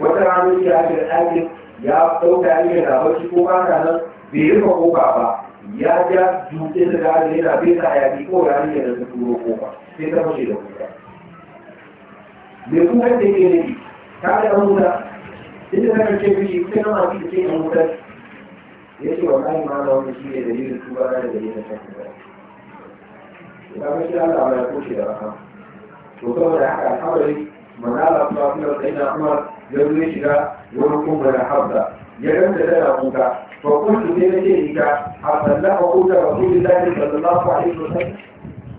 wata rana shi ya shiga ɗakin ya ɗauka ya yi rabar shi ko ba ka nan bai yi rufa kofa ba ya ja dutse su gadi yana bai sa hayaki ko ya ya da su turo kofa sai ta fashe da kuka Mai kun kan da ke ne ta da an wuta inda ta karshe biyu sai na masu da an wuta ya ce wa kai ma na wani shi ne da yin tuba na da dalilin shan kuma ya ga shi Allah ya da raka to saboda haka alhamdulillah manala kuma kuma sai na kuma ya zo shiga wani kuma da habda ya ranta tana kuka fa kuntu sai na ce ita a ko kuka rasulullahi sallallahu alaihi wasallam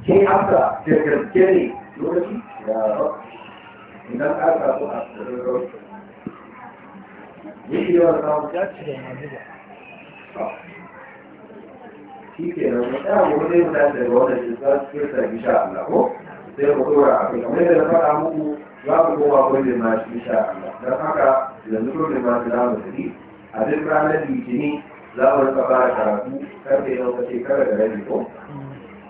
ke haka da gaske ne lokaci ya rabu idan aka so a tsirrarau yake yawan samun ya ce da mazuba shi ke nan mutu a gobe zai mutane daga wannan shi za su kirta bisha Allah ko sai ku dora a kai kamar yadda na faɗa muku za ku koma gurbin ma shi bisha Allah don haka yanzu gurbin ma su zamu tafi a duk ranar litinin za mu rika fara karatu karfe yau kace kara da rabi ko mm.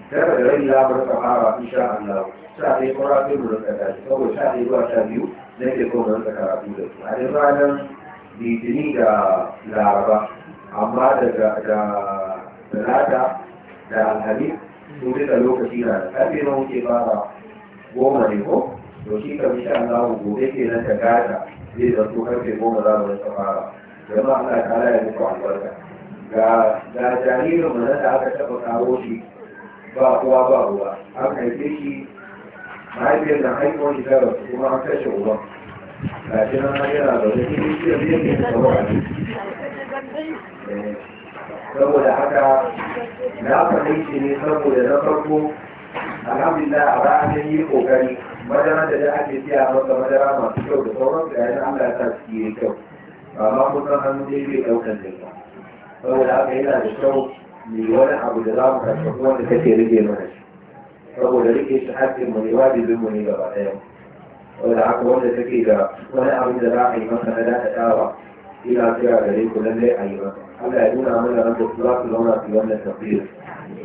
kada da rai labar sahara in sha Allah sha ɗaya kwara sai mu rinka tashi saboda sha ɗaya zuwa sha biyu na ke so mu rinka karatu da su a duk ranar litini da laraba amma daga da talata da alhamis sun duka lokaci na da ƙarfe na muke fara goma ne ko to shi kam insha Allah gobe ke nan da gata zai zanto karfe goma za mu rinka fara jama'a Allah ta ala ya muku albarka ga ga jaririn mu da aka taɓa kawo shi ba uwa ba uwa an haife shi mahaifiyar da haifuwar shi tara kuma an kashe uwa ga shi nan yana da wani shi shi da yake eh, tsaro a saboda haka na faɗi shi ne saboda na farko alhamdulillah a ra'ayin yi kokari madara da da ake siya masa madara masu kyau da sauran da yana Allah ta su yi kyau ba ma kusan hannu dai bai ɗaukar da saboda haka yana da kyau ليوانا عبد الله مرشوفون كتي ريجي مرش فقول ريكي شحاتي مريوادي بموني بغاتيو ولا عقوان تكي جا ولا عبد الله عيما خندا تتاوى إلا سيرا غريب كلنا عيما ألا يدون عمل رمض الصلاة لونا في يوم التقدير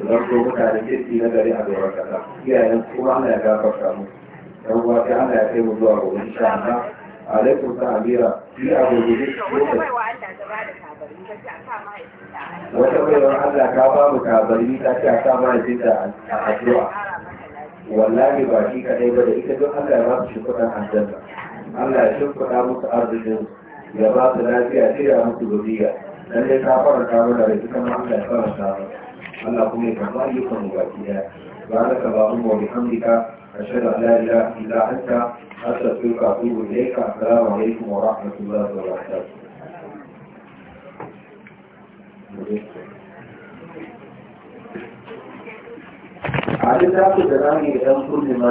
ورمضو متعرفين في نجري أبي ركتا يا ينصفو عنا يا جاكا شامو ومواقعنا يا كيم الزوار وإن شاء الله عليكم تعبيرا في أبو جديد وعلى ذلك wata wayar Allah ka ba mu kabari ta ce a sa mahaifinta a addu'a wallahi ba shi kadai ba da ita don Allah ya ba su shimfiɗan aljanna Allah ya shimfiɗa musu arzikin ya ba su lafiya shirya musu zuriya dan dai ka faranta mana da ita ma Allah ya faranta mana Allah kuma ya karɓa ayyukan mu baki ɗaya بارك اللهم وبحمدك أشهد أن لا إله إلا أنت أستغفرك وأتوب إليك السلام عليكم ورحمة الله وبركاته आदित्य आपको जगह